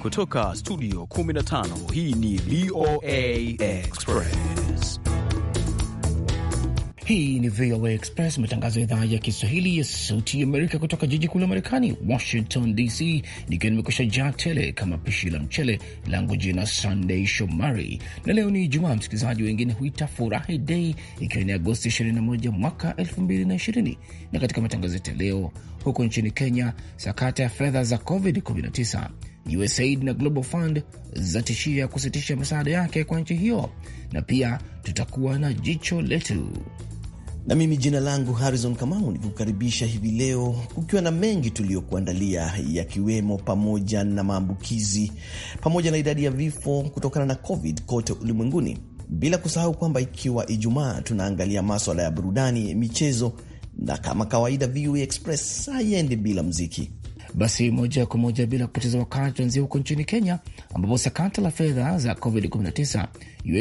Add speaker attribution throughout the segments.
Speaker 1: Kutoka studio 15 hii ni VOA Express.
Speaker 2: Hii ni VOA Express, matangazo ya idhaa ya Kiswahili ya Sauti ya Amerika kutoka jiji kuu la Marekani, Washington DC, nikiwa nimekusha jaa tele kama pishi la mchele langu. Jina Sunday Shomari, na leo ni Ijumaa, msikilizaji wengine huita furahi dei, ikiwa ni Agosti 21 mwaka 2020. Na katika matangazo yetu ya leo, huko nchini Kenya, sakata ya fedha za COVID-19 USAID na Global Fund zatishia kusitisha misaada yake kwa nchi hiyo, na pia tutakuwa na jicho letu. Na mimi jina langu Harrison Kamau,
Speaker 1: nikukaribisha hivi leo kukiwa na mengi tuliyokuandalia, yakiwemo pamoja na maambukizi pamoja na idadi ya vifo kutokana na COVID kote ulimwenguni, bila kusahau kwamba ikiwa Ijumaa tunaangalia maswala ya burudani, michezo na kama
Speaker 2: kawaida VOA e Express haiendi bila muziki basi moja kwa moja bila kupoteza wakati, tuanzia huko nchini Kenya, ambapo sakata la fedha za COVID-19,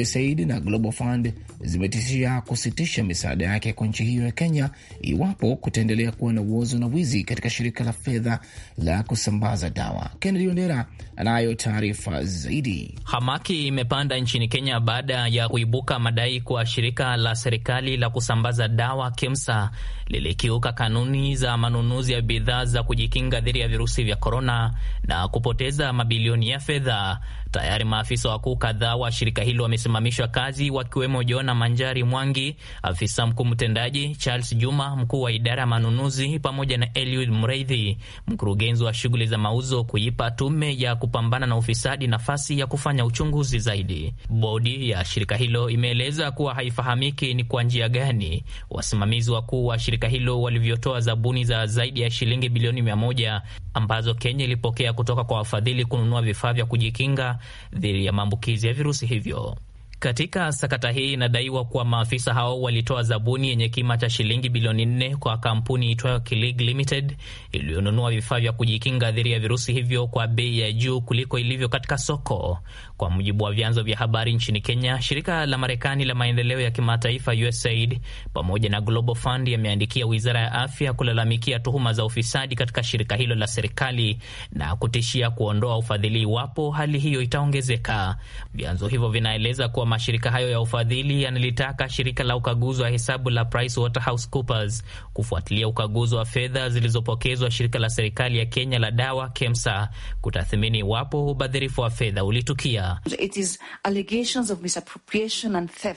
Speaker 2: USAID na Global Fund zimetishia kusitisha misaada yake kwa nchi hiyo ya Kenya iwapo kutaendelea kuwa na uozo na wizi katika shirika la fedha la kusambaza dawa. Kennedy Ondera anayo taarifa zaidi.
Speaker 3: Hamaki imepanda nchini Kenya baada ya kuibuka madai kwa shirika la serikali la kusambaza dawa KEMSA lilikiuka kanuni za manunuzi ya bidhaa za kujikinga dhidi ya virusi vya korona na kupoteza mabilioni ya fedha Tayari maafisa wakuu kadhaa wa shirika hilo wamesimamishwa kazi, wakiwemo Jona Manjari Mwangi, afisa mkuu mtendaji, Charles Juma, mkuu wa idara ya manunuzi, pamoja na Eliud Mreithi, mkurugenzi wa shughuli za mauzo, kuipa tume ya kupambana na ufisadi nafasi ya kufanya uchunguzi zaidi. Bodi ya shirika hilo imeeleza kuwa haifahamiki ni kwa njia gani wasimamizi wakuu wa shirika hilo walivyotoa zabuni za zaidi ya shilingi bilioni mia moja ambazo Kenya ilipokea kutoka kwa wafadhili kununua vifaa vya kujikinga dhidi ya maambukizi ya virusi hivyo. Katika sakata hii inadaiwa kuwa maafisa hao walitoa zabuni yenye kima cha shilingi bilioni nne kwa kampuni itwayo Kilig Limited iliyonunua vifaa vya kujikinga dhidi ya virusi hivyo kwa bei ya juu kuliko ilivyo katika soko. Kwa mujibu wa vyanzo vya habari nchini Kenya, shirika la Marekani la maendeleo ya kimataifa USAID pamoja na Global Fund yameandikia wizara ya afya kulalamikia tuhuma za ufisadi katika shirika hilo la serikali na kutishia kuondoa ufadhili iwapo hali hiyo itaongezeka. Vyanzo hivyo vinaeleza kuwa mashirika hayo ya ufadhili yanalitaka shirika la ukaguzi wa hesabu la PricewaterhouseCoopers kufuatilia ukaguzi wa fedha zilizopokezwa shirika la serikali ya Kenya la dawa KEMSA kutathmini iwapo ubadhirifu wa fedha ulitukia
Speaker 4: fedha.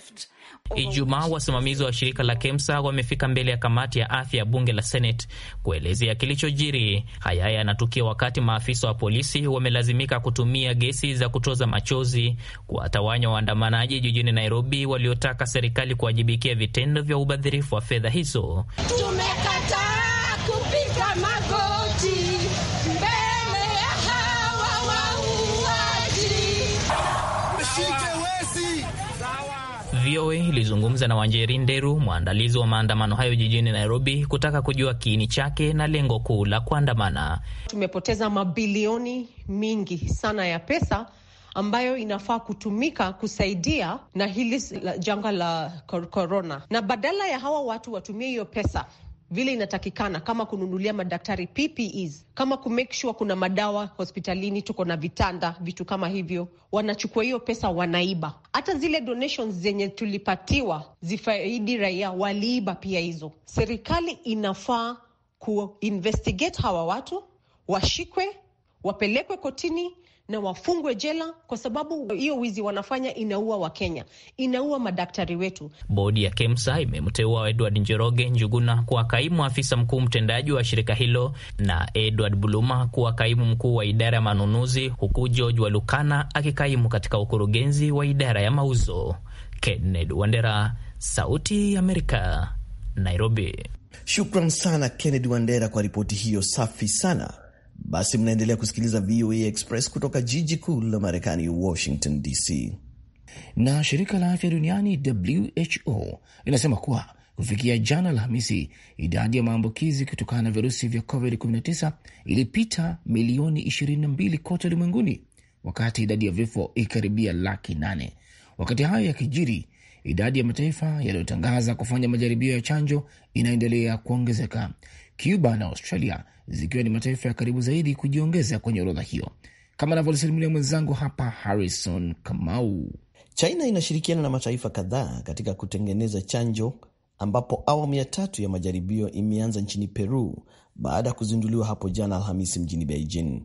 Speaker 3: Ijumaa wasimamizi wa shirika la KEMSA wamefika mbele ya kamati ya afya ya bunge la Senate kuelezea kilichojiri. Haya yanatukia wakati maafisa wa polisi wamelazimika kutumia gesi za kutoza machozi kuwatawanya waandamanaji jijini Nairobi waliotaka serikali kuwajibikia vitendo vya ubadhirifu wa fedha hizo.
Speaker 4: Tumekataa kupiga
Speaker 3: VOA ilizungumza na Wanjeri Nderu, mwandalizi wa maandamano hayo jijini Nairobi, kutaka kujua kiini chake na lengo kuu la kuandamana.
Speaker 5: Tumepoteza mabilioni mingi sana ya pesa ambayo inafaa kutumika kusaidia na hili janga la korona, na badala ya hawa watu watumie hiyo pesa vile inatakikana, kama kununulia madaktari PPEs, kama kumake sure kuna madawa hospitalini, tuko na vitanda, vitu kama hivyo. Wanachukua hiyo pesa wanaiba. Hata zile donations zenye tulipatiwa zifaidi raia, waliiba pia hizo. Serikali inafaa investigate hawa watu, washikwe, wapelekwe kotini na wafungwe jela, kwa sababu hiyo wizi wanafanya inaua Wakenya, inaua madaktari wetu.
Speaker 3: Bodi ya KEMSA imemteua Edward Njoroge Njuguna kuwa kaimu afisa mkuu mtendaji wa shirika hilo na Edward Buluma kuwa kaimu mkuu wa idara ya manunuzi, huku George Walukana akikaimu katika ukurugenzi wa idara ya mauzo. Kenneth Wandera, Sauti ya Amerika, Nairobi.
Speaker 1: Shukran sana Kennedy Wandera kwa ripoti hiyo safi sana. Basi mnaendelea kusikiliza VOA
Speaker 2: Express kutoka jiji kuu la Marekani, Washington DC. Na shirika la afya duniani WHO linasema kuwa kufikia jana Alhamisi, idadi ya maambukizi kutokana na virusi vya COVID-19 ilipita milioni 22 kote ulimwenguni, wakati idadi ya vifo ikikaribia laki nane. Wakati hayo yakijiri, idadi ya mataifa yaliyotangaza kufanya majaribio ya chanjo inaendelea kuongezeka. Cuba na Australia zikiwa ni mataifa ya karibu zaidi kujiongeza kwenye orodha hiyo, kama anavyolisimulia mwenzangu hapa Harrison Kamau. China inashirikiana na
Speaker 1: mataifa kadhaa katika kutengeneza chanjo ambapo awamu ya tatu ya majaribio imeanza nchini Peru baada ya kuzinduliwa hapo jana Alhamisi mjini Beijing.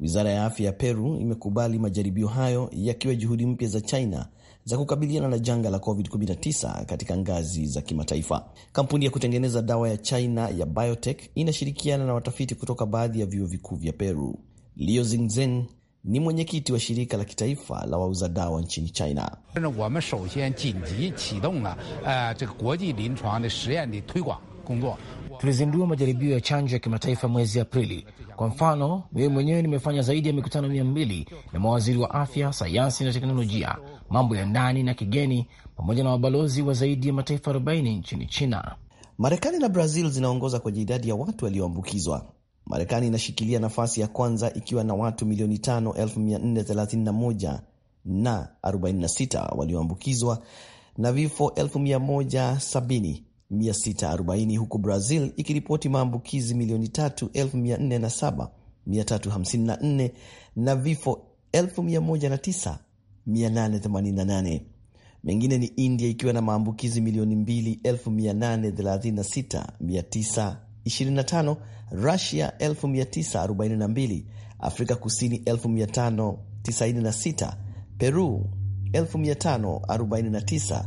Speaker 1: Wizara ya afya ya Peru imekubali majaribio hayo yakiwa juhudi mpya za China za kukabiliana na janga la COVID-19 katika ngazi za kimataifa. Kampuni ya kutengeneza dawa ya China ya biotech inashirikiana na watafiti kutoka baadhi ya vyuo vikuu vya Peru. Leo Zingzeng ni mwenyekiti wa shirika la kitaifa la wauza dawa nchini China.
Speaker 2: Kongo. Tulizindua majaribio ya chanjo ya kimataifa mwezi Aprili. Kwa mfano, mimi mwenyewe nimefanya zaidi ya mikutano mia mbili na mawaziri wa afya, sayansi na teknolojia, mambo ya ndani na kigeni, pamoja na mabalozi wa zaidi ya mataifa 40 nchini China. Marekani na Brazil zinaongoza
Speaker 1: kwenye idadi ya watu walioambukizwa. Marekani inashikilia nafasi ya kwanza ikiwa na watu milioni 5,431 na 46 walioambukizwa na vifo 170 640 huku Brazil ikiripoti maambukizi milioni 347,354 na vifo 109,888. Mengine ni India ikiwa na maambukizi milioni 2,836,925, Russia 942 Afrika Kusini 596 Peru 5,049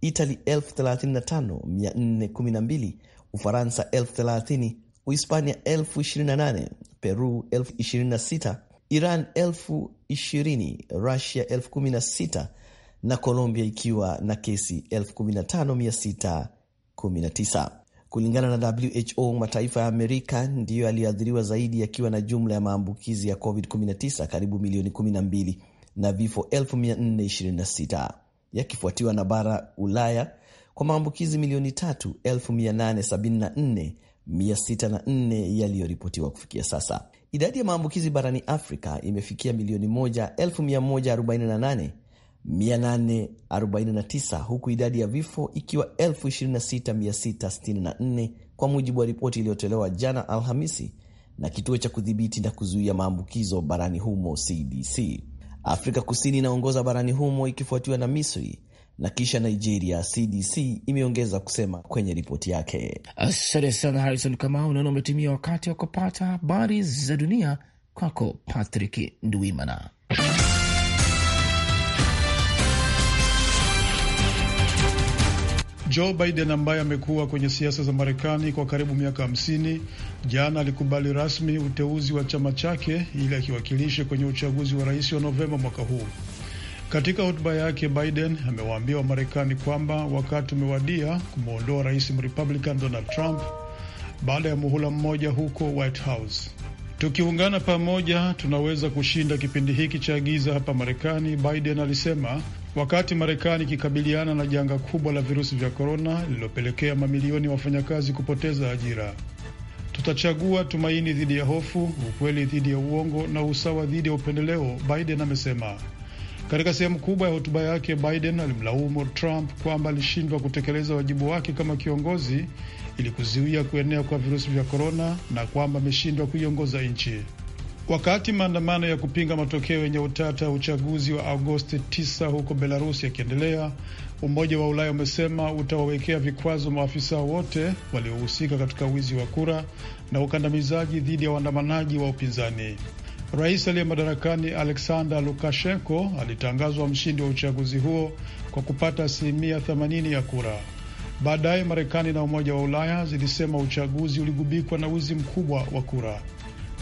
Speaker 1: Italy 35412, Ufaransa 30000, Uhispania 28000, Peru 26000, Iran 20000, Russia 16000 na Colombia ikiwa na kesi 15619. Kulingana na WHO, mataifa ya Amerika ndiyo yaliyoathiriwa zaidi yakiwa na jumla ya maambukizi ya COVID-19 karibu milioni 12 na vifo 426 yakifuatiwa na bara Ulaya kwa maambukizi milioni 3,874,604 yaliyoripotiwa kufikia sasa. Idadi ya maambukizi barani Afrika imefikia milioni 1,148,849 huku idadi ya vifo ikiwa 26,664 kwa mujibu wa ripoti iliyotolewa jana Alhamisi na kituo cha kudhibiti na kuzuia maambukizo barani humo CDC. Afrika Kusini inaongoza barani humo ikifuatiwa na Misri na kisha Nigeria. CDC imeongeza kusema kwenye ripoti yake. Asante
Speaker 2: sana Harrison Kamau. Naona umetumia wakati wa kupata habari za dunia. Kwako Patrick nduimana
Speaker 6: Joe Biden ambaye amekuwa kwenye siasa za Marekani kwa karibu miaka hamsini, jana alikubali rasmi uteuzi wa chama chake ili akiwakilishe kwenye uchaguzi wa rais wa Novemba mwaka huu. Katika hotuba yake, Biden amewaambia Wamarekani kwamba wakati umewadia kumwondoa rais Mrepublican Donald Trump baada ya muhula mmoja huko White House. Tukiungana pamoja tunaweza kushinda kipindi hiki cha giza hapa Marekani, Biden alisema, Wakati Marekani ikikabiliana na janga kubwa la virusi vya korona lililopelekea mamilioni ya wafanyakazi kupoteza ajira, tutachagua tumaini dhidi ya hofu, ukweli dhidi ya uongo na usawa dhidi ya upendeleo, Biden amesema. Katika sehemu kubwa ya hotuba yake, Biden alimlaumu Trump kwamba alishindwa kutekeleza wajibu wake kama kiongozi ili kuzuia kuenea kwa virusi vya korona na kwamba ameshindwa kuiongoza nchi. Wakati maandamano ya kupinga matokeo yenye utata ya uchaguzi wa Agosti 9 huko Belarusi yakiendelea, Umoja wa Ulaya umesema utawawekea vikwazo maafisa wote waliohusika katika wizi wa kura na ukandamizaji dhidi ya waandamanaji wa upinzani. Rais aliye madarakani Alexander Lukashenko alitangazwa mshindi wa uchaguzi huo kwa kupata asilimia 80 ya kura. Baadaye Marekani na Umoja wa Ulaya zilisema uchaguzi uligubikwa na wizi mkubwa wa kura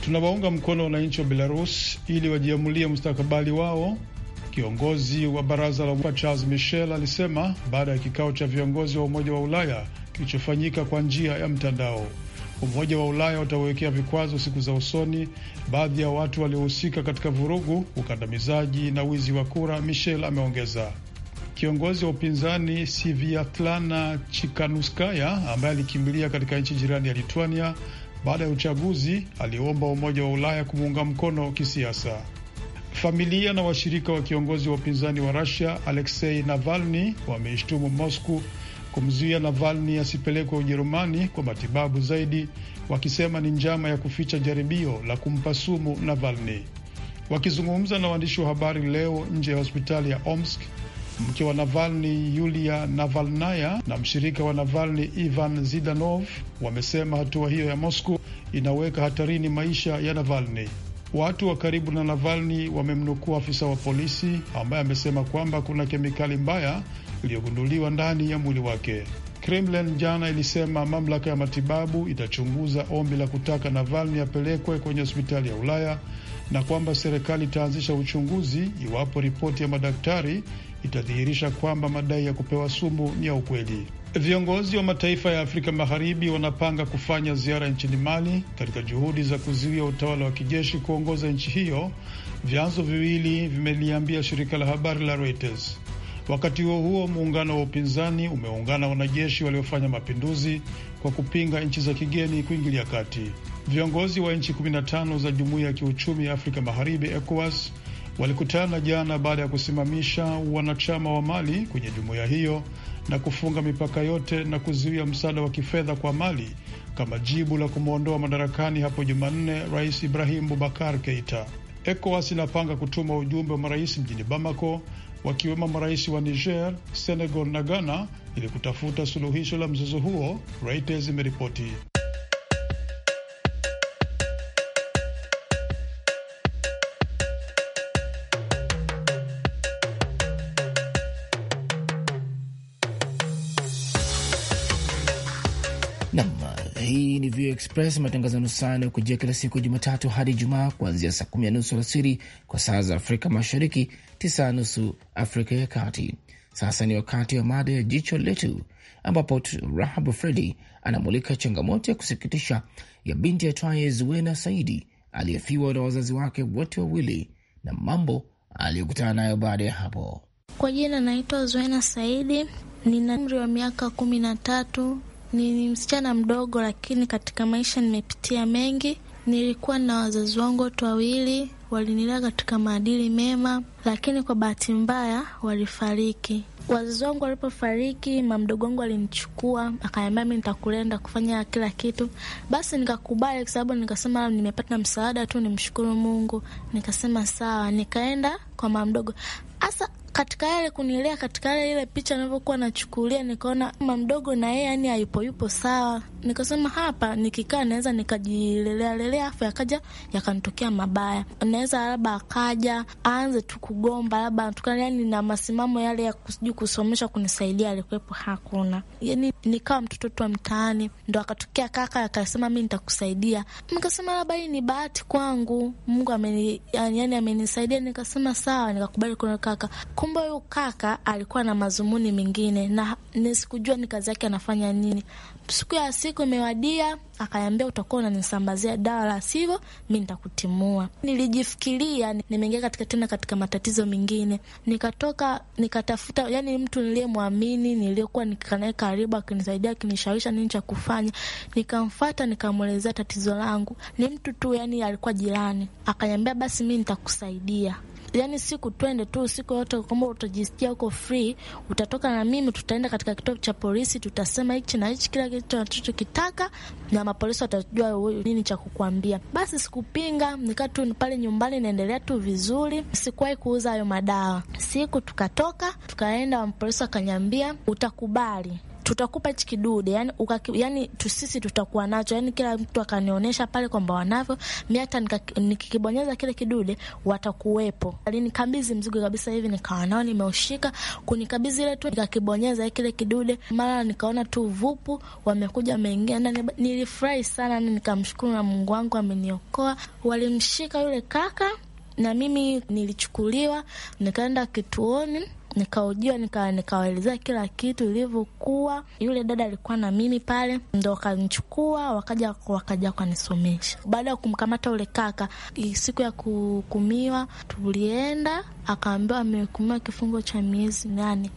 Speaker 6: tunawaunga mkono wananchi wa Belarus ili wajiamulie mustakabali wao, kiongozi wa baraza la Charles Michel alisema baada ya kikao cha viongozi wa Umoja wa Ulaya kilichofanyika kwa njia ya mtandao. Umoja wa Ulaya utawekea vikwazo siku za usoni baadhi ya watu waliohusika katika vurugu, ukandamizaji na wizi wa kura, Michel ameongeza. Kiongozi wa upinzani Sviatlana Chikanuskaya ambaye alikimbilia katika nchi jirani ya Lituania baada ya uchaguzi, aliomba Umoja wa Ulaya kumuunga mkono kisiasa. Familia na washirika wa kiongozi wa upinzani wa Rusia Aleksei Navalni wameishtumu Mosku kumzuia Navalni asipelekwe Ujerumani kwa matibabu zaidi, wakisema ni njama ya kuficha jaribio la kumpa sumu Navalni. Wakizungumza na waandishi wa habari leo nje ya hospitali ya Omsk, mke wa Navalny Yulia Navalnaya na mshirika wa Navalny Ivan Zidanov wamesema hatua hiyo ya Moscow inaweka hatarini maisha ya Navalny. Watu wa karibu na Navalny wamemnukua afisa wa polisi ambaye amesema kwamba kuna kemikali mbaya iliyogunduliwa ndani ya mwili wake. Kremlin jana ilisema mamlaka ya matibabu itachunguza ombi la kutaka Navalny apelekwe kwenye hospitali ya Ulaya na kwamba serikali itaanzisha uchunguzi iwapo ripoti ya madaktari itadhihirisha kwamba madai ya kupewa sumu ni ya ukweli. Viongozi wa mataifa ya Afrika Magharibi wanapanga kufanya ziara nchini Mali katika juhudi za kuzuia utawala wa kijeshi kuongoza nchi hiyo, vyanzo viwili vimeliambia shirika la habari la Reuters. Wakati huo huo, muungano wa upinzani umeungana wanajeshi waliofanya mapinduzi kwa kupinga nchi za kigeni kuingilia kati. Viongozi wa nchi 15 za jumuiya ya kiuchumi ya Afrika Magharibi ECOWAS walikutana jana baada ya kusimamisha wanachama wa Mali kwenye jumuiya hiyo na kufunga mipaka yote na kuzuia msaada wa kifedha kwa Mali kama jibu la kumwondoa madarakani hapo Jumanne Rais Ibrahim Bubakar Keita. ECOWAS inapanga kutuma ujumbe wa marais mjini Bamako, wakiwemo marais wa Niger, Senegal na Ghana ili kutafuta suluhisho la mzozo huo, Reuters imeripoti.
Speaker 2: Nam, hii ni Vio Express, matangazo nusu saa yanayokujia kila siku Jumatatu hadi Jumaa, kuanzia saa kumi na nusu alasiri kwa saa za Afrika Mashariki, tisa na nusu Afrika ya Kati. Sasa ni wakati wa mada ya jicho letu, ambapo Rahabu Fredi anamulika changamoto ya kusikitisha ya binti aitwaye Zuena Saidi aliyefiwa na wazazi wake wote wawili na mambo aliyokutana nayo baada ya hapo.
Speaker 5: Kwa jina naitwa Zuena Saidi, nina umri wa miaka kumi na tatu. Ni msichana mdogo, lakini katika maisha nimepitia mengi. Nilikuwa na wazazi wangu wote wawili, walinilea katika maadili mema, lakini kwa bahati mbaya walifariki. Wazazi wangu walipofariki, mamdogo wangu alinichukua akaniambia, mi nitakulenda kufanya kila kitu. Basi nikakubali kwa sababu nikasema nimepata msaada tu, nimshukuru Mungu. Nikasema sawa, nikaenda kwa mamdogo hasa katika yale kunilea, katika yale ile picha anavyokuwa nachukulia, nikaona mama mdogo na yeye yani hayupo yupo sawa. Nikasema hapa nikikaa naweza nikajilelea lelea, afu yakaja yakanitokea mabaya, naweza labda akaja aanze tu kugomba, labda atukana, yani na masimamo yale ya kusijui kusomesha kunisaidia alikuwepo hakuna, yani nikawa mtoto tu wa mtaani. Ndo akatokea kaka akasema mi nitakusaidia, nikasema labda hii ni bahati kwangu, Mungu ameni, yani, yani amenisaidia. Nikasema sawa, nikakubali kuna kaka Kumbe huyu kaka alikuwa na mazumuni mengine, na nisikujua ni kazi yake anafanya nini. Siku ya siku imewadia, akaniambia utakuwa unanisambazia dawa, la sivyo mi nitakutimua. Nilijifikiria nimeingia katika tena katika matatizo mengine, nikatoka nikatafuta, yani mtu niliyemwamini, niliyokuwa nikanae karibu, akinisaidia akinishawisha nini cha kufanya, nikamfata nikamwelezea tatizo langu. Ni mtu tu yani alikuwa jirani, akaniambia basi mi nitakusaidia yani siku twende tu siku yote, kwamba utajisikia uko free. Utatoka na mimi, tutaenda katika kituo cha polisi, tutasema hichi na hichi, kila kitu tunachokitaka, na mapolisi watajua nini cha kukwambia. Basi sikupinga, nikaa tu pale nyumbani, naendelea tu vizuri, sikuwahi kuuza hayo madawa. Siku tukatoka tukaenda, mapolisi wakanyambia utakubali tutakupa hichi kidude yani, yani tusisi tutakuwa nacho yani, kila mtu akanionyesha pale kwamba wanavyo, mi hata nikikibonyeza kile kidude watakuwepo. Alinikabidhi mzigo kabisa hivi, nikawa nao nimeushika, kunikabidhi ile tu, nikakibonyeza kile kidude, mara nikaona tu vupu, wamekuja wameingia ndani. Nilifurahi sana, nikamshukuru na Mungu wangu ameniokoa. Walimshika yule kaka na mimi nilichukuliwa nikaenda kituoni nikaujua, nika nikawaelezea kila kitu ilivyokuwa. Yule dada alikuwa na mimi pale, ndo wakanichukua wakaja wakaja wakanisomesha. Baada ya kumkamata ule kaka, siku ya kuhukumiwa tulienda, akaambiwa amehukumiwa kifungo cha miezi nane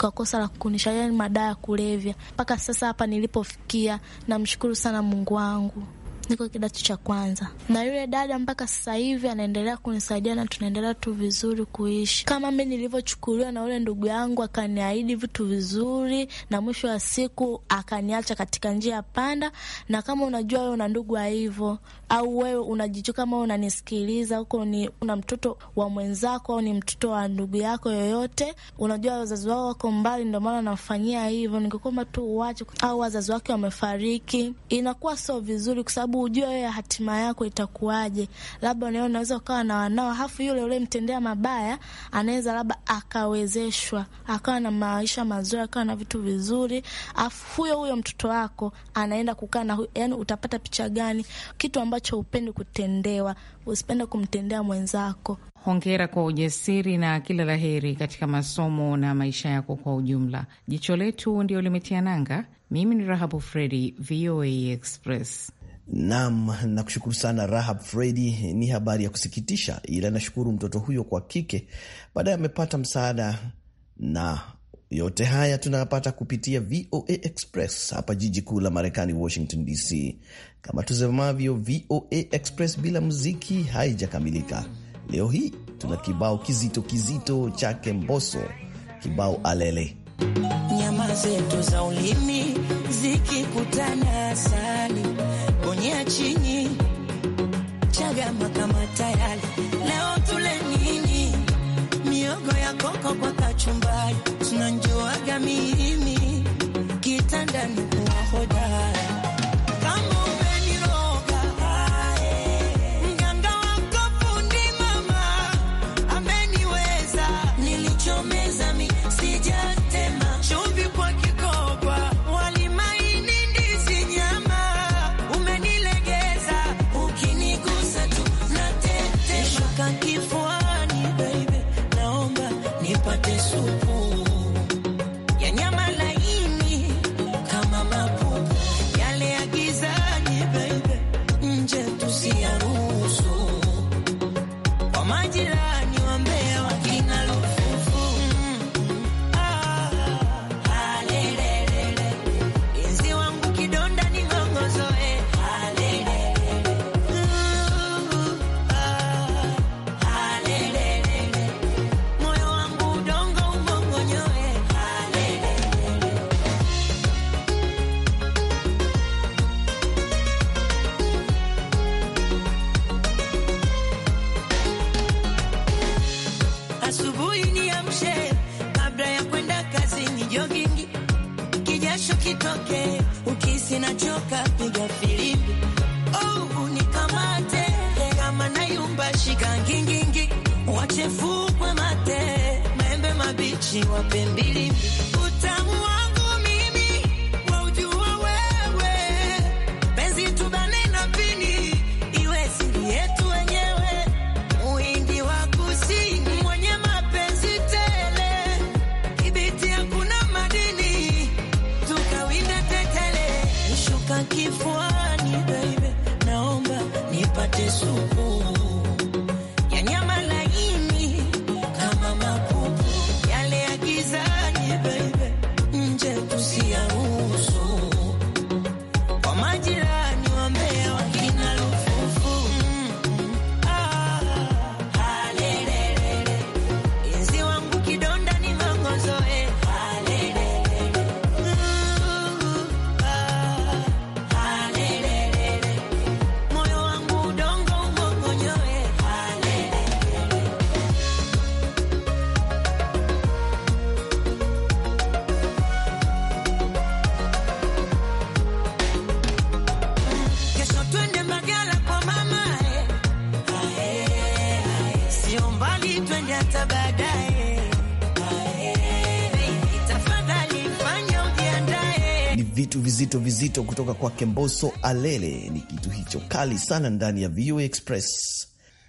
Speaker 5: kwa kosa la kukunisha, yani madawa ya kulevya. Mpaka sasa hapa nilipofikia, namshukuru sana Mungu wangu niko kidato cha kwanza, na yule dada mpaka sasa hivi anaendelea kunisaidia na tunaendelea tu vizuri kuishi kama mi nilivyochukuliwa na yule ndugu yangu, akaniahidi vitu vizuri na mwisho wa siku akaniacha katika njia panda. Na kama unajua wewe una ndugu hivyo, au wewe unajichua, kama unanisikiliza huko, ni una mtoto wa mwenzako au ni mtoto wa ndugu yako yoyote, unajua wazazi wao wako mbali, ndio maana anamfanyia hivyo. Ningekwamba tu uwache, au wazazi wake wamefariki, inakuwa sio vizuri kwa sababu sababu hujua wewe hatima yako itakuwaje. Labda nawe unaweza ukawa na wanao, halafu yule uliyemtendea mabaya anaweza labda akawezeshwa akawa na maisha mazuri, akawa na vitu vizuri, afu huyo huyo mtoto wako anaenda kukaa na, yani utapata picha gani? Kitu ambacho upendi kutendewa, usipende kumtendea mwenzako. Hongera kwa ujasiri na kila la heri katika masomo na maisha yako kwa ujumla. Jicho letu ndio limetia nanga. Mimi ni Rahabu Fredi, VOA Express.
Speaker 1: Nam, nakushukuru sana Rahab Fredi. Ni habari ya kusikitisha, ila nashukuru mtoto huyo kwa kike baadaye amepata msaada, na yote haya tunayapata kupitia VOA Express hapa jiji kuu la Marekani, Washington DC. Kama tusemavyo, VOA Express bila muziki haijakamilika. Leo hii tuna kibao kizito kizito chake mboso kibao alele
Speaker 4: nyama zetu za ulimi zikikutana asali dunia chini, Chagama kama tayari. Leo tule nini? Miogo ya koko kwa kachumbari, tunanjoaga mimi kitandani kuwa hodari isso.
Speaker 1: ni vitu vizito vizito kutoka kwa Kemboso Alele. Ni kitu
Speaker 2: hicho kali sana ndani ya VOA Express.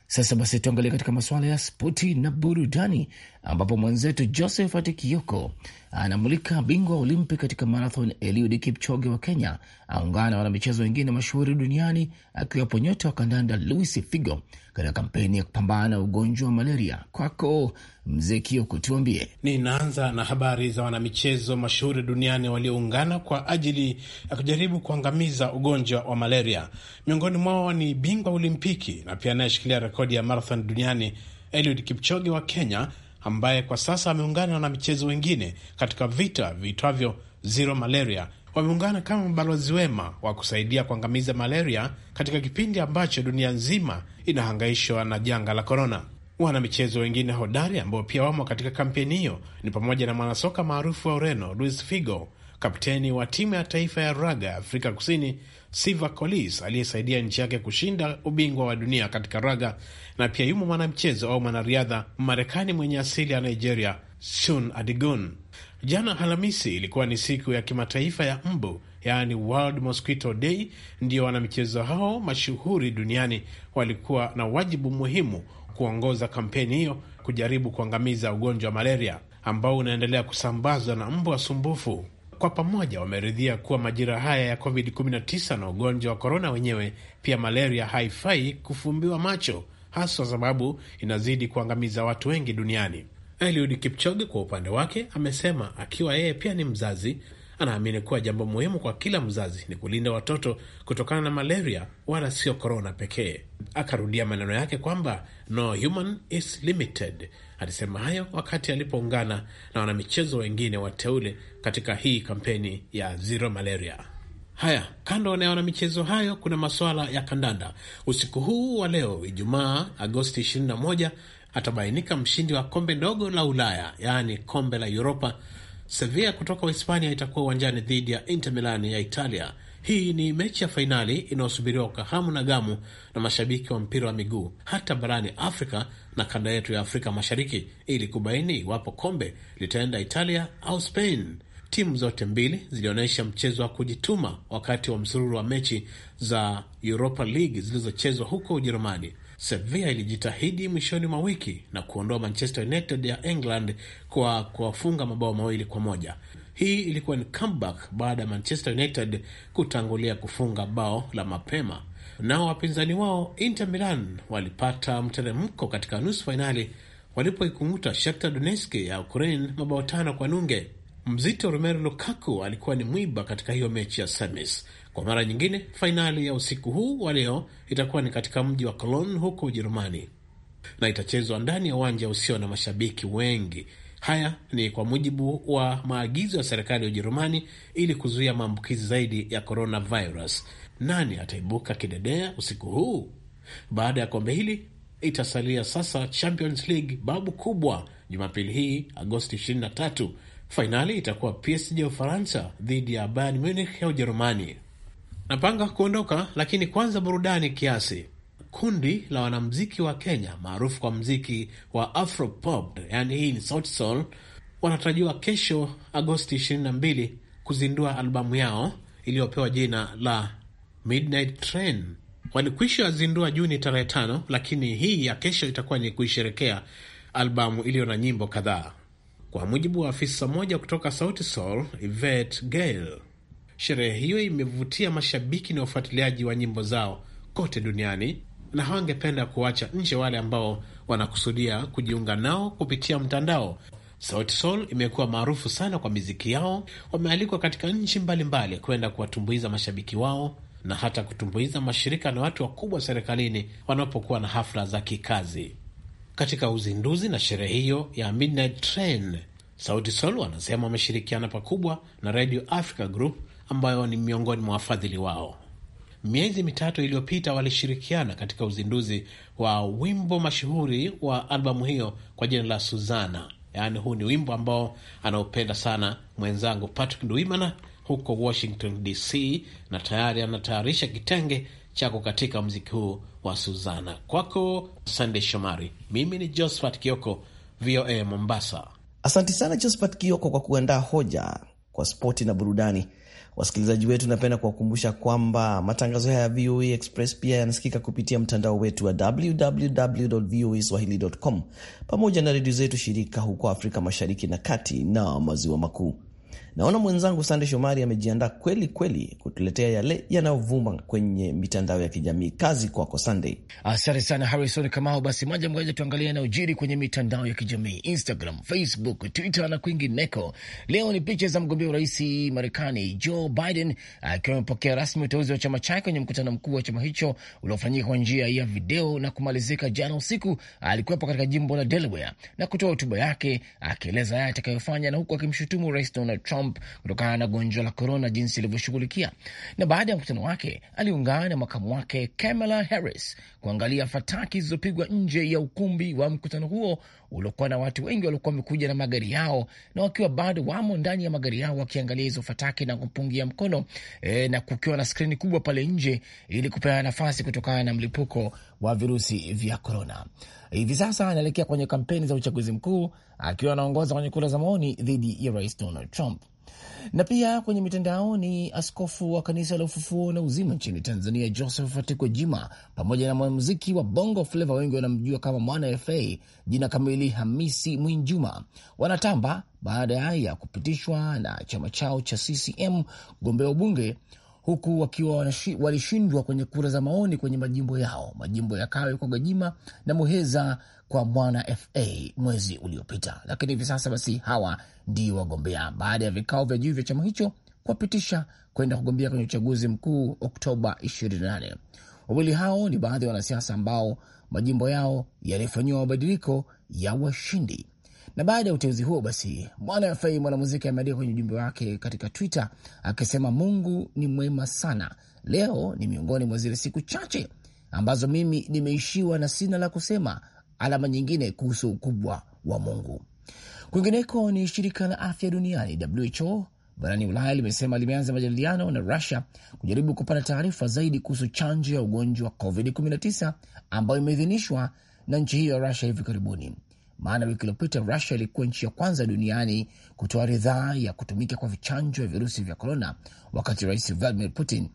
Speaker 2: Sasa basi, tuangalie katika masuala ya spoti na burudani, ambapo mwenzetu Josephat Kioko anamulika bingwa wa Olympic katika marathon Eliud Kipchoge wa Kenya aungana na wanamichezo wengine mashuhuri duniani akiwapo nyota wa kandanda Luis Figo katika kampeni ya kupambana na ugonjwa wa malaria. Kwako mzee Kioko, tuambie.
Speaker 7: Ninaanza na habari za wanamichezo mashuhuri duniani walioungana kwa ajili ya kujaribu kuangamiza ugonjwa wa malaria. Miongoni mwao ni bingwa Olimpiki na pia anayeshikilia rekodi ya marathon duniani Eliud Kipchoge wa Kenya ambaye kwa sasa ameungana na wanamichezo wengine katika vita viitwavyo Zero Malaria. Wameungana kama mabalozi wema wa kusaidia kuangamiza malaria katika kipindi ambacho dunia nzima inahangaishwa na janga la korona. Wanamichezo wengine hodari ambao pia wamo katika kampeni hiyo ni pamoja na mwanasoka maarufu wa Ureno Luis Figo kapteni wa timu ya taifa ya raga ya Afrika Kusini Siva Kolis aliyesaidia nchi yake kushinda ubingwa wa dunia katika raga, na pia yumo mwanamchezo au mwanariadha Marekani mwenye asili ya Nigeria Sun Adigun. Jana Alhamisi ilikuwa ni siku ya kimataifa ya mbu, yaani World Mosquito Day. Ndio wanamichezo hao mashuhuri duniani walikuwa na wajibu muhimu kuongoza kampeni hiyo kujaribu kuangamiza ugonjwa wa malaria ambao unaendelea kusambazwa na mbu wasumbufu. Kwa pamoja wameridhia kuwa majira haya ya COVID-19 na ugonjwa wa korona wenyewe pia malaria haifai kufumbiwa macho, haswa sababu inazidi kuangamiza watu wengi duniani. Eliud Kipchoge kwa upande wake amesema akiwa yeye pia ni mzazi anaamini kuwa jambo muhimu kwa kila mzazi ni kulinda watoto kutokana na malaria, wala sio korona pekee. Akarudia maneno yake kwamba no human is limited. Alisema hayo wakati alipoungana na wanamichezo wengine wateule katika hii kampeni ya zero malaria. Haya, kando na wanamichezo hayo, kuna masuala ya kandanda. Usiku huu wa leo Ijumaa Agosti 21 atabainika mshindi wa kombe ndogo la Ulaya, yaani kombe la Uropa Sevilla kutoka Uhispania itakuwa uwanjani dhidi ya Inter Milan ya Italia. Hii ni mechi ya fainali inayosubiriwa kwa hamu na gamu na mashabiki wa mpira wa miguu hata barani Afrika na kanda yetu ya Afrika Mashariki, ili kubaini iwapo kombe litaenda Italia au Spain. Timu zote mbili zilionyesha mchezo wa kujituma wakati wa msururu wa mechi za Europa League zilizochezwa huko Ujerumani. Sevilla ilijitahidi mwishoni mwa wiki na kuondoa Manchester United ya England kwa kuwafunga mabao mawili kwa moja. Hii ilikuwa ni comeback baada ya Manchester United kutangulia kufunga bao la mapema. Nao wapinzani wao Inter Milan walipata mteremko katika nusu fainali walipoikunguta Shakhtar Donetsk ya Ukraine mabao tano kwa nunge. Mzito Romero Lukaku alikuwa ni mwiba katika hiyo mechi ya semis. Kwa mara nyingine, fainali ya usiku huu wa leo itakuwa ni katika mji wa Cologne huko Ujerumani na itachezwa ndani ya uwanja usio na mashabiki wengi. Haya ni kwa mujibu wa maagizo ya serikali ya Ujerumani ili kuzuia maambukizi zaidi ya coronavirus. Nani ataibuka kidedea usiku huu? Baada ya kombe hili itasalia sasa Champions League, babu kubwa, Jumapili hii Agosti 23. Fainali itakuwa PSG ya Ufaransa dhidi ya Bayern Munich ya Ujerumani. Napanga kuondoka, lakini kwanza burudani kiasi. Kundi la wanamziki wa Kenya maarufu kwa mziki wa afropop, yani hii ni sauti sol, wanatarajiwa kesho Agosti 22 kuzindua albamu yao iliyopewa jina la Midnight Train. Walikwisha zindua Juni tarehe tano, lakini hii ya kesho itakuwa ni kuisherekea albamu iliyo na nyimbo kadhaa. Kwa mujibu wa afisa mmoja kutoka Sauti Sol, Yvette Gale, Sherehe hiyo imevutia mashabiki na wafuatiliaji wa nyimbo zao kote duniani na hawangependa kuacha nje wale ambao wanakusudia kujiunga nao kupitia mtandao. Sauti Sol imekuwa maarufu sana kwa miziki yao. Wamealikwa katika nchi mbalimbali kwenda kuwatumbuiza mashabiki wao na hata kutumbuiza mashirika na watu wakubwa serikalini wanapokuwa na hafla za kikazi. Katika uzinduzi na sherehe hiyo ya Midnight Train, Sauti Sol wanasema wameshirikiana pakubwa na Radio Africa Group ambayo ni miongoni mwa wafadhili wao. Miezi mitatu iliyopita walishirikiana katika uzinduzi wa wimbo mashuhuri wa albamu hiyo kwa jina la Suzana. Yaani, huu ni wimbo ambao anaupenda sana mwenzangu Patrick Ndwimana huko Washington DC, na tayari anatayarisha kitenge chako katika mziki huu wa Suzana. Kwako Sandey Shomari. Mimi ni Josphat Kioko, VOA Mombasa.
Speaker 1: Asante sana Josphat Kioko kwa kuandaa hoja kwa spoti na burudani. Wasikilizaji wetu, napenda kuwakumbusha kwamba matangazo haya ya VOA Express pia yanasikika kupitia mtandao wetu wa www voa swahili com pamoja na redio zetu shirika huko Afrika Mashariki na kati na maziwa makuu. Naona mwenzangu Sande Shomari amejiandaa kweli kweli kutuletea yale yanayovuma kwenye mitandao ya
Speaker 2: kijamii. Kazi kwako Sande. Asante sana Harrison Kamau. Basi moja moja tuangalie yanayojiri kwenye mitandao ya kijamii Instagram, Facebook, Twitter na kwingineko. Leo ni picha za mgombea urais Marekani Joe Biden akiwa amepokea rasmi uteuzi wa chama chake kwenye mkutano mkuu wa chama hicho uliofanyika kwa njia ya video na kumalizika jana usiku. Alikuwepo katika jimbo la Delaware na kutoa hotuba yake akieleza yale atakayofanya na huku akimshutumu Rais Donald Trump Trump kutokana na gonjwa la korona, jinsi ilivyoshughulikia. Na baada ya mkutano wake aliungana na makamu wake Kamala Harris kuangalia fataki zilizopigwa nje ya ukumbi wa mkutano huo uliokuwa na watu wengi waliokuwa wamekuja na magari yao na wakiwa bado wamo ndani ya magari yao wakiangalia hizo fataki na kupungia mkono e, na kukiwa na skrini kubwa pale nje ili kupewa nafasi kutokana na mlipuko wa virusi vya korona. Hivi e, sasa anaelekea kwenye kampeni za uchaguzi mkuu akiwa anaongoza kwenye kura za maoni dhidi ya rais Donald Trump. Na pia kwenye mitandao ni askofu wa kanisa la ufufuo na uzima nchini Tanzania, Joseph Jima, pamoja na mwanamuziki wa bongo fleva wengi wanamjua kama Mwana FA, jina kamili Hamisi Mwinjuma, wanatamba baada ya kupitishwa na chama chao cha CCM gombea ubunge huku wakiwa walishindwa kwenye kura za maoni kwenye majimbo yao, majimbo ya Kawe kwa Gwajima na Muheza kwa Mwana fa mwezi uliopita. Lakini hivi sasa basi hawa ndio wagombea baada ya vikao vya juu vya chama hicho kuwapitisha kwenda kugombea kwenye uchaguzi mkuu Oktoba 28. Wawili hao ni baadhi ya wanasiasa ambao majimbo yao yalifanyiwa mabadiliko ya washindi. Na baada ya uteuzi huo basi, mwana Fai mwanamuziki ameandika kwenye ujumbe wake katika Twitter akisema, Mungu ni mwema sana. Leo ni miongoni mwa zile siku chache ambazo mimi nimeishiwa na sina la kusema, alama nyingine kuhusu ukubwa wa Mungu. Kwingineko ni shirika la afya duniani WHO barani Ulaya limesema limeanza majadiliano na Rusia kujaribu kupata taarifa zaidi kuhusu chanjo ya ugonjwa wa COVID-19 ambayo imeidhinishwa na nchi hiyo ya Rusia hivi karibuni maana wiki iliyopita Rusia ilikuwa nchi ya kwanza duniani kutoa ridhaa ya kutumika kwa vichanjo ya virusi vya korona, wakati Rais Vladimir Putin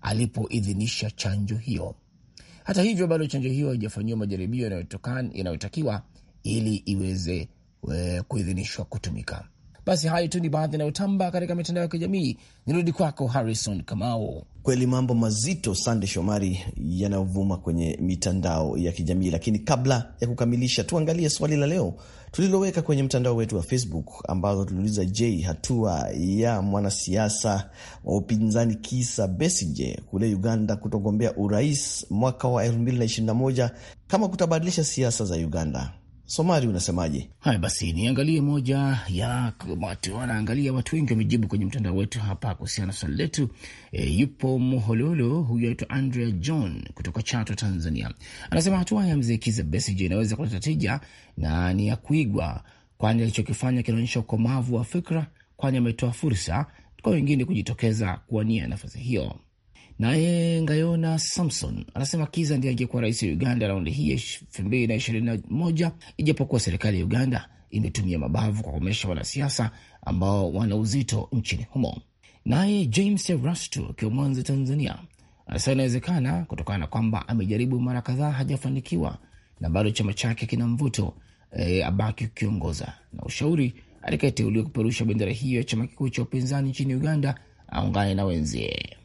Speaker 2: alipoidhinisha chanjo hiyo. Hata hivyo, bado chanjo hiyo haijafanyiwa majaribio yanayotakiwa ili iweze eh, kuidhinishwa kutumika. Basi hayo tu ni baadhi yanayotamba katika mitandao ya kijamii. Nirudi kwako Harrison Kamau. Kweli mambo mazito, Sande Shomari,
Speaker 1: yanayovuma kwenye mitandao ya kijamii. Lakini kabla ya kukamilisha, tuangalie swali la leo tuliloweka kwenye mtandao wetu wa Facebook, ambazo tuliuliza je, hatua ya mwanasiasa wa upinzani Kisa besije kule Uganda kutogombea urais mwaka wa 2021 kama kutabadilisha siasa za Uganda? Somari,
Speaker 2: unasemaje? Haya basi, niangalie moja ya watu wanaangalia. Watu wengi wamejibu kwenye mtandao wetu hapa kuhusiana na swali letu. E, yupo Mohololo, huyu anaitwa Andrea John kutoka Chato, Tanzania, anasema hatua ya mzee Kiza Besigye inaweza kuleta tija na ni ya kuigwa, kwani alichokifanya kinaonyesha ukomavu wa fikra, kwani ametoa fursa kwa wengine kujitokeza kuwania nafasi hiyo. Naye Ngayona Samson anasema Kiza ndiye angekuwa rais wa Uganda raundi hii ya elfu mbili na ishirini na moja ijapokuwa serikali ya Uganda imetumia mabavu kwa kuomesha wanasiasa ambao wana uzito nchini humo. Naye James Erasto akiwa Mwanza, Tanzania, anasema inawezekana kutokana na kwamba amejaribu mara kadhaa hajafanikiwa, na bado chama chake kina mvuto e, abaki kukiongoza, na ushauri atakayeteuliwa kupeperusha bendera hiyo ya chama kikuu cha upinzani nchini Uganda aungane na wenzie.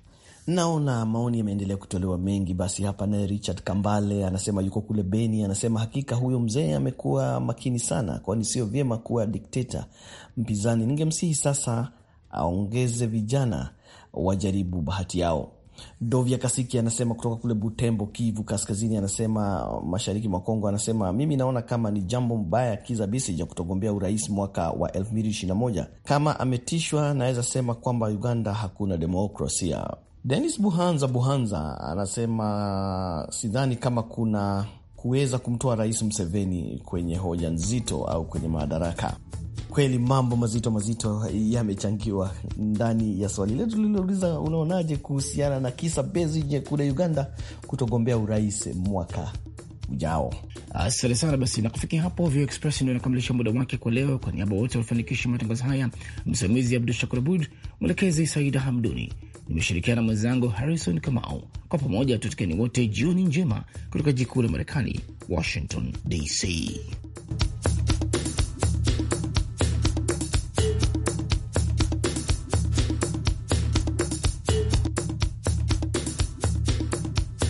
Speaker 2: Naona maoni yameendelea kutolewa mengi. Basi
Speaker 1: hapa naye Richard Kambale anasema yuko kule Beni, anasema hakika huyo mzee amekuwa makini sana, kwani sio vyema kuwa dikteta mpinzani. Ningemsihi sasa aongeze vijana wajaribu bahati yao. Dovya Kasiki anasema kutoka kule Butembo, Kivu Kaskazini, anasema mashariki mwa Kongo, anasema mimi naona kama ni jambo mbaya kiza Besigye kutogombea urais mwaka wa 2021 kama ametishwa. Naweza sema kwamba Uganda hakuna demokrasia. Dennis Buhanza Buhanza anasema sidhani kama kuna kuweza kumtoa Rais mseveni kwenye hoja nzito au kwenye madaraka. Kweli mambo mazito mazito yamechangiwa ndani ya swali letu lililouliza, unaonaje kuhusiana na kisa Besigye kule Uganda
Speaker 2: kutogombea urais mwaka ujao. Asante sana. Basi na kufikia hapo, Vio Express ndio inakamilisha muda wake kwa leo. Kwa niaba wote walifanikisha matangazo haya, msimamizi Abdu Shakur Abud, mwelekezi Saida Hamduni nimeshirikiana mwenzangu Harrison Kamau. Kwa pamoja tutikeni wote, jioni njema kutoka jikuu la Marekani, Washington DC.